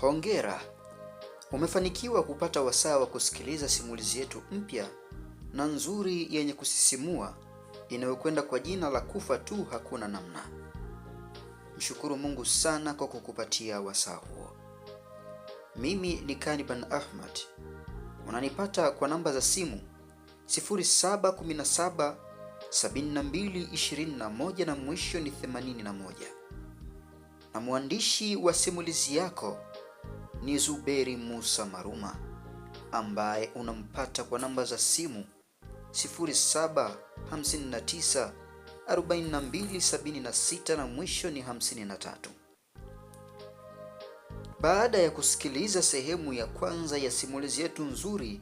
Hongera, umefanikiwa kupata wasaa wa kusikiliza simulizi yetu mpya na nzuri yenye kusisimua inayokwenda kwa jina la Kufa tu Hakuna Namna. Mshukuru Mungu sana kwa kukupatia wasaa huo. Mimi ni Kaniban Ahmad. Unanipata kwa namba za simu 0717 72 21 na mwisho ni 81 na mwandishi wa simulizi yako ni Zuberi Musa Maruma ambaye unampata kwa namba za simu 0759 na mwisho ni 53. Baada ya kusikiliza sehemu ya kwanza ya simulizi yetu nzuri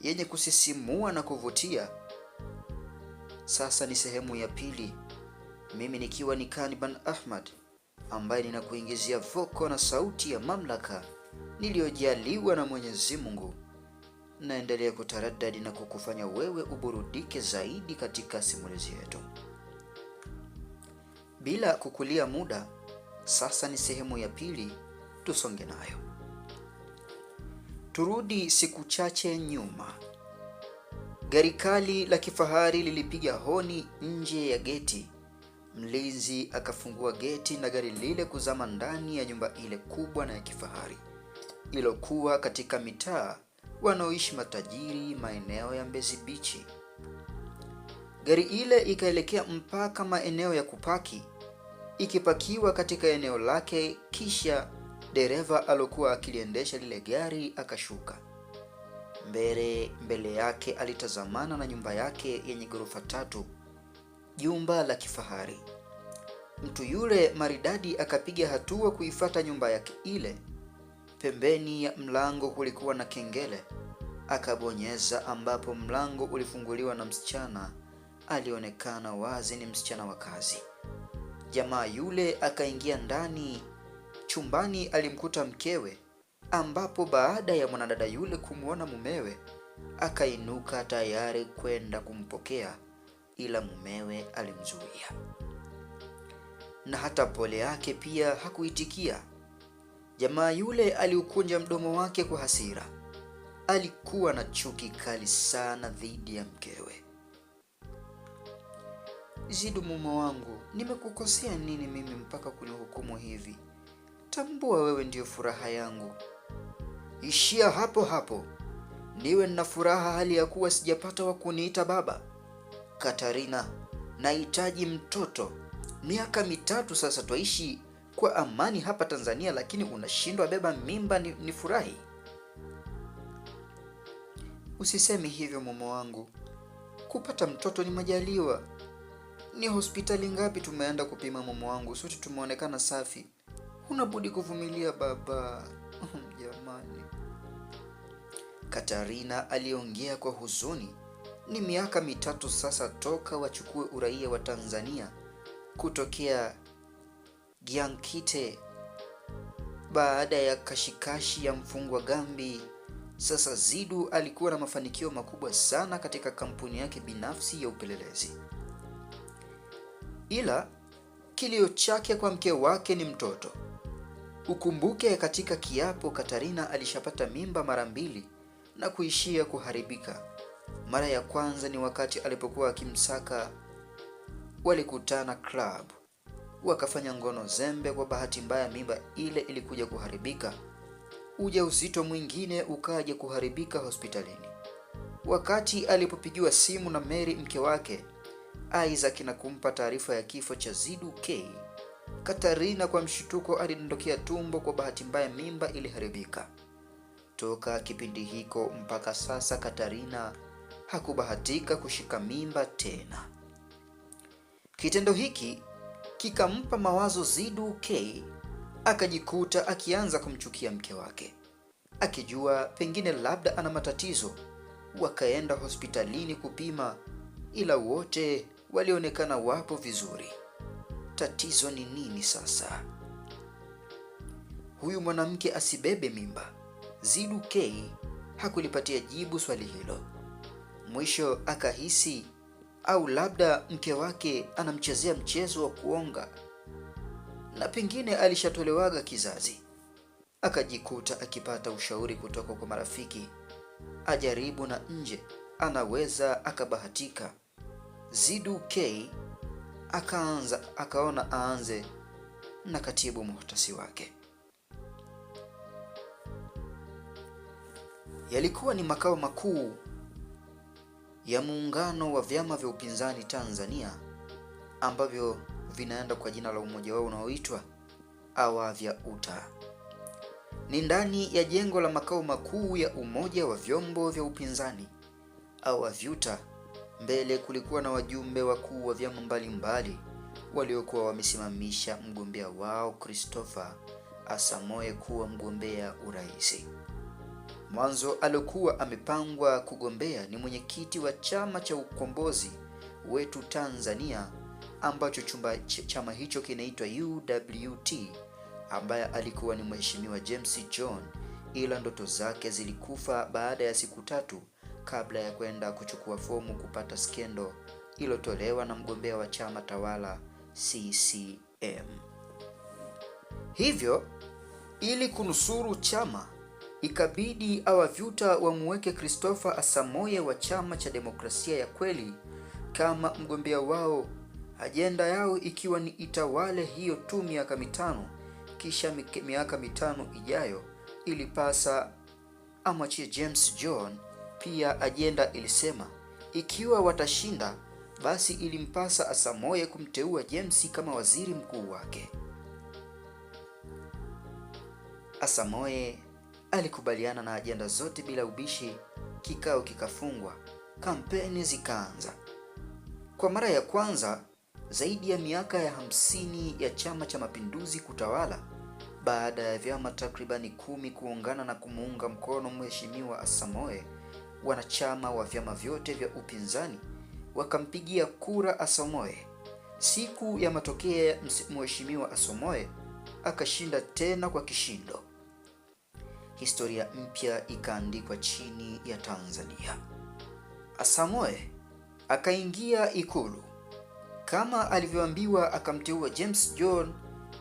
yenye kusisimua na kuvutia, sasa ni sehemu ya pili, mimi nikiwa ni Kaniban Ahmad ambaye ninakuingizia voko na sauti ya mamlaka niliyojaliwa na Mwenyezi Mungu. Naendelea kutaradadi na kukufanya wewe uburudike zaidi katika simulizi yetu. Bila kukulia muda, sasa ni sehemu ya pili, tusonge nayo. Turudi siku chache nyuma. Gari kali la kifahari lilipiga honi nje ya geti Mlinzi akafungua geti na gari lile kuzama ndani ya nyumba ile kubwa na ya kifahari ilokuwa katika mitaa wanaoishi matajiri maeneo ya Mbezi Beach. Gari ile ikaelekea mpaka maeneo ya kupaki, ikipakiwa katika eneo lake, kisha dereva alokuwa akiliendesha lile gari akashuka. Mbele mbele yake alitazamana na nyumba yake yenye ghorofa tatu jumba la kifahari. Mtu yule maridadi akapiga hatua kuifata nyumba yake ile. Pembeni ya mlango kulikuwa na kengele, akabonyeza, ambapo mlango ulifunguliwa na msichana alionekana wazi ni msichana wa kazi. Jamaa yule akaingia ndani. Chumbani alimkuta mkewe, ambapo baada ya mwanadada yule kumwona mumewe akainuka tayari kwenda kumpokea ila mumewe alimzuia, na hata pole yake pia hakuitikia. Jamaa yule aliukunja mdomo wake kwa hasira. Alikuwa na chuki kali sana dhidi ya mkewe. Zidu, mume wangu, nimekukosea nini mimi mpaka kunihukumu hivi? Tambua wewe ndiyo furaha yangu. Ishia hapo hapo, niwe nna furaha hali ya kuwa sijapata wa kuniita baba. Katarina, nahitaji mtoto. Miaka mitatu sasa twaishi kwa amani hapa Tanzania, lakini unashindwa beba mimba ni, ni furahi. Usiseme hivyo mume wangu, kupata mtoto ni majaliwa. Ni hospitali ngapi tumeenda kupima mume wangu, sote tumeonekana safi. unabudi kuvumilia baba. Jamani, Katarina aliongea kwa huzuni. Ni miaka mitatu sasa toka wachukue uraia wa Tanzania kutokea Giankite baada ya kashikashi ya mfungwa Gambi. Sasa Zidu alikuwa na mafanikio makubwa sana katika kampuni yake binafsi ya upelelezi, ila kilio chake kwa mke wake ni mtoto. Ukumbuke katika kiapo, Katarina alishapata mimba mara mbili na kuishia kuharibika. Mara ya kwanza ni wakati alipokuwa akimsaka, walikutana club, wakafanya ngono zembe. Kwa bahati mbaya, mimba ile ilikuja kuharibika, ujauzito mwingine ukaja kuharibika hospitalini. Wakati alipopigiwa simu na Mary mke wake, Isaac na kumpa taarifa ya kifo cha Zidu K. Katarina kwa mshtuko alidondokea tumbo. Kwa bahati mbaya, mimba iliharibika. Toka kipindi hiko mpaka sasa Katarina hakubahatika kushika mimba tena. Kitendo hiki kikampa mawazo Zidu K, akajikuta akianza kumchukia mke wake, akijua pengine labda ana matatizo. Wakaenda hospitalini kupima, ila wote walionekana wapo vizuri. Tatizo ni nini sasa? Huyu mwanamke asibebe mimba? Zidu K hakulipatia jibu swali hilo. Mwisho akahisi au labda mke wake anamchezea mchezo wa kuonga, na pengine alishatolewaga kizazi. Akajikuta akipata ushauri kutoka kwa marafiki, ajaribu na nje, anaweza akabahatika. Zidu K akaanza akaona aanze na katibu muhtasi wake. Yalikuwa ni makao makuu ya muungano wa vyama vya upinzani Tanzania ambavyo vinaenda kwa jina la umoja wao unaoitwa Awavya Uta. Ni ndani ya jengo la makao makuu ya umoja wa vyombo vya upinzani Awavyuta. Mbele kulikuwa na wajumbe wakuu wa vyama mbalimbali waliokuwa wamesimamisha mgombea wao Christopher Asamoe kuwa mgombea urais. Mwanzo aliokuwa amepangwa kugombea ni mwenyekiti wa Chama cha Ukombozi Wetu Tanzania ambacho chumba chama hicho kinaitwa UWT, ambaye alikuwa ni Mheshimiwa James John, ila ndoto zake zilikufa baada ya siku tatu kabla ya kwenda kuchukua fomu kupata skendo iliyotolewa na mgombea wa chama tawala CCM. Hivyo ili kunusuru chama Ikabidi awavyuta wamuweke Christopher Asamoye wa Chama cha Demokrasia ya Kweli kama mgombea wao, ajenda yao ikiwa ni itawale hiyo tu miaka mitano, kisha miaka mitano ijayo ilipasa amwachie James John. Pia ajenda ilisema ikiwa watashinda, basi ilimpasa Asamoye kumteua James kama waziri mkuu wake. Asamoye Alikubaliana na ajenda zote bila ubishi. Kikao kikafungwa, kampeni zikaanza. Kwa mara ya kwanza zaidi ya miaka ya hamsini ya Chama cha Mapinduzi kutawala baada ya vyama takribani kumi kuungana na kumuunga mkono Mheshimiwa Asamoe, wanachama wa vyama vyote vya upinzani wakampigia kura Asamoe. Siku ya matokeo, Mheshimiwa Asamoe akashinda tena kwa kishindo historia mpya ikaandikwa chini ya Tanzania. Asamoe akaingia Ikulu kama alivyoambiwa, akamteua James John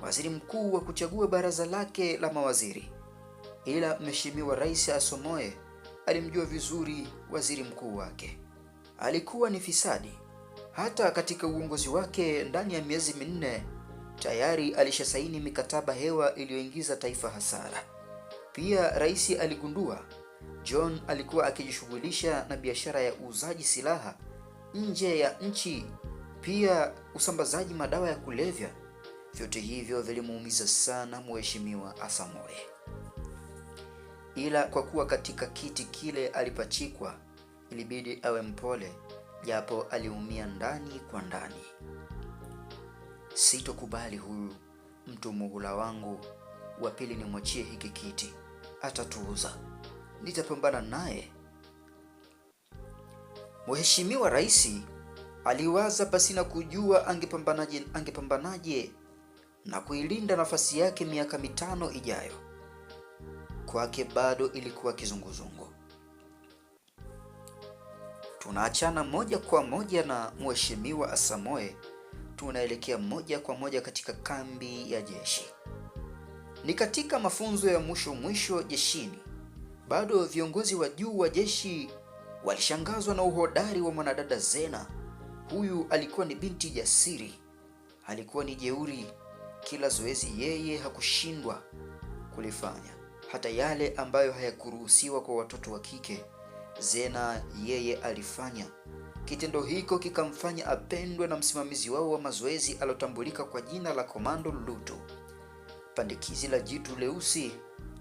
waziri mkuu wa kuchagua baraza lake la mawaziri, ila mheshimiwa Rais Asamoe alimjua vizuri waziri mkuu wake. Alikuwa ni fisadi. Hata katika uongozi wake, ndani ya miezi minne tayari alishasaini mikataba hewa iliyoingiza taifa hasara. Pia rais aligundua John alikuwa akijishughulisha na biashara ya uuzaji silaha nje ya nchi, pia usambazaji madawa ya kulevya. Vyote hivyo vilimuumiza sana mheshimiwa Asamoe, ila kwa kuwa katika kiti kile alipachikwa, ilibidi awe mpole, japo aliumia ndani kwa ndani. Sitokubali huyu mtu muhula wangu wa pili nimwachie hiki kiti atatuuza, nitapambana naye. Mheshimiwa Rais aliwaza pasina kujua angepambanaje, angepambanaje na kuilinda nafasi yake miaka mitano ijayo. Kwake bado ilikuwa kizunguzungu. Tunaachana moja kwa moja na Mheshimiwa Asamoe, tunaelekea moja kwa moja katika kambi ya jeshi. Ni katika mafunzo ya mwisho mwisho jeshini, bado viongozi wa juu wa jeshi walishangazwa na uhodari wa mwanadada Zena. Huyu alikuwa ni binti jasiri, alikuwa ni jeuri. Kila zoezi yeye hakushindwa kulifanya, hata yale ambayo hayakuruhusiwa kwa watoto wa kike, Zena yeye alifanya. Kitendo hiko kikamfanya apendwe na msimamizi wao wa mazoezi alotambulika kwa jina la Komando Lutu pandikizi la jitu leusi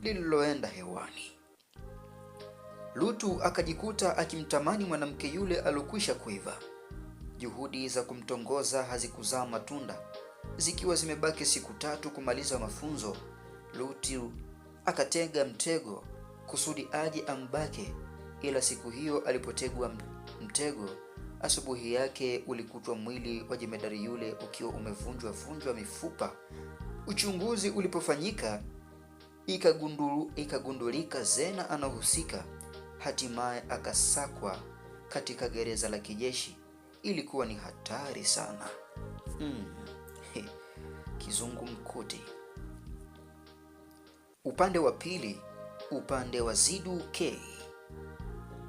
lililoenda hewani. Lutu akajikuta akimtamani mwanamke yule alokwisha kuiva. Juhudi za kumtongoza hazikuzaa matunda. Zikiwa zimebaki siku tatu kumaliza mafunzo, Lutu akatega mtego kusudi aje ambake, ila siku hiyo alipotegwa mtego, asubuhi yake ulikutwa mwili wa jemedari yule ukiwa umevunjwa vunjwa mifupa Uchunguzi ulipofanyika ikagundulu, ikagundulika Zena anahusika. Hatimaye akasakwa katika gereza la kijeshi. Ilikuwa ni hatari sana mm. Kizungumkuti. Upande wa pili, upande wa Zidu K.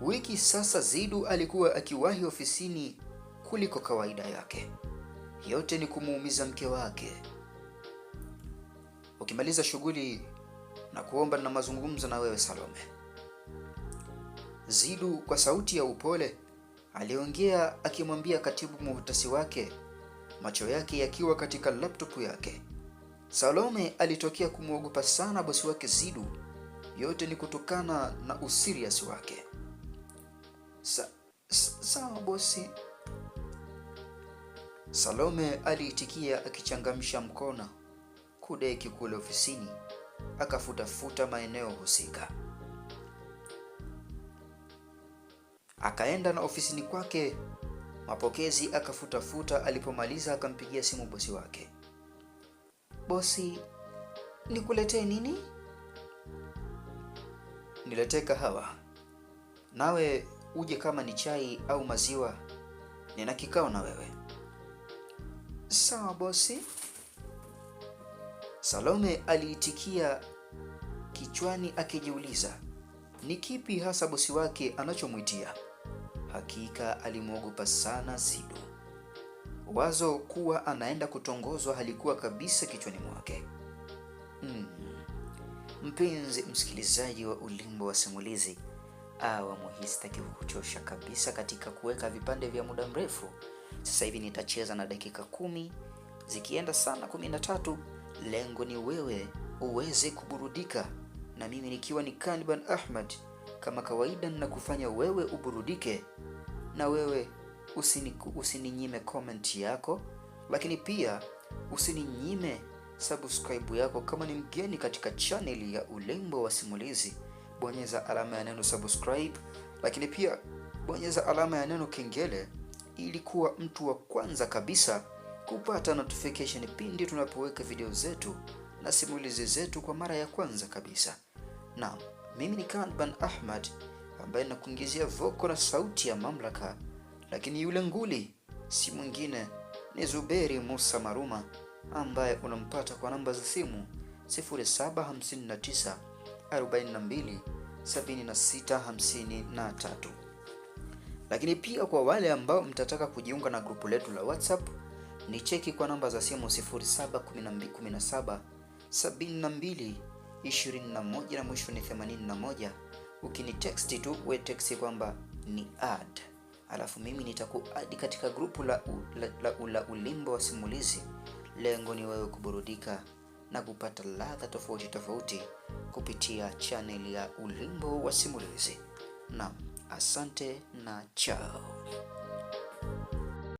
Wiki sasa Zidu alikuwa akiwahi ofisini kuliko kawaida yake. Yote ni kumuumiza mke wake. Ukimaliza shughuli na kuomba na mazungumzo na wewe Salome. Zidu kwa sauti ya upole aliongea akimwambia katibu muhtasi wake, macho yake yakiwa katika laptop yake. Salome alitokea kumwogopa sana bosi wake Zidu, yote ni kutokana na usirias wake. Sa, sa, sawa bosi. Salome aliitikia akichangamsha mkono kudeki kule ofisini, akafutafuta maeneo husika. Akaenda na ofisini kwake mapokezi, akafutafuta. Alipomaliza akampigia simu bosi wake. Bosi, nikuletee nini? Niletee kahawa, nawe uje kama ni chai au maziwa, nina kikao na wewe. Sawa bosi. Salome aliitikia kichwani akijiuliza ni kipi hasa bosi wake anachomwitia. Hakika alimwogopa sana Sido. Wazo kuwa anaenda kutongozwa halikuwa kabisa kichwani mwake. Mm. Mpenzi msikilizaji wa Ulimbo wa Simulizi, awamu hii sitaki kukuchosha kabisa katika kuweka vipande vya muda mrefu. Sasa hivi nitacheza na dakika kumi zikienda sana kumi na tatu lengo ni wewe uweze kuburudika na mimi nikiwa ni Kaliban Ahmad kama kawaida, na kufanya wewe uburudike na wewe usini, usininyime comment yako, lakini pia usininyime subscribe yako. Kama ni mgeni katika channel ya Ulembo wa Simulizi, bonyeza alama ya neno subscribe, lakini pia bonyeza alama ya neno kengele ili kuwa mtu wa kwanza kabisa kupata notification pindi tunapoweka video zetu na simulizi zetu kwa mara ya kwanza kabisa. Naam, mimi ni Kanban Ahmad ambaye nakuingizia voko na sauti ya mamlaka, lakini yule nguli si mwingine ni Zuberi Musa Maruma ambaye unampata kwa namba za simu 0759 42 Lakini pia kwa wale ambao mtataka kujiunga na grupu letu la WhatsApp ni cheki kwa namba za simu 071217 72 21 na mwisho ni 81. Ukinitext tu we text kwamba ni add, alafu mimi nitakuadi katika grupu la, la, la, la Ulimbo wa Simulizi. Lengo ni wewe kuburudika na kupata ladha tofauti tofauti kupitia chaneli ya Ulimbo wa Simulizi. Na asante na chao.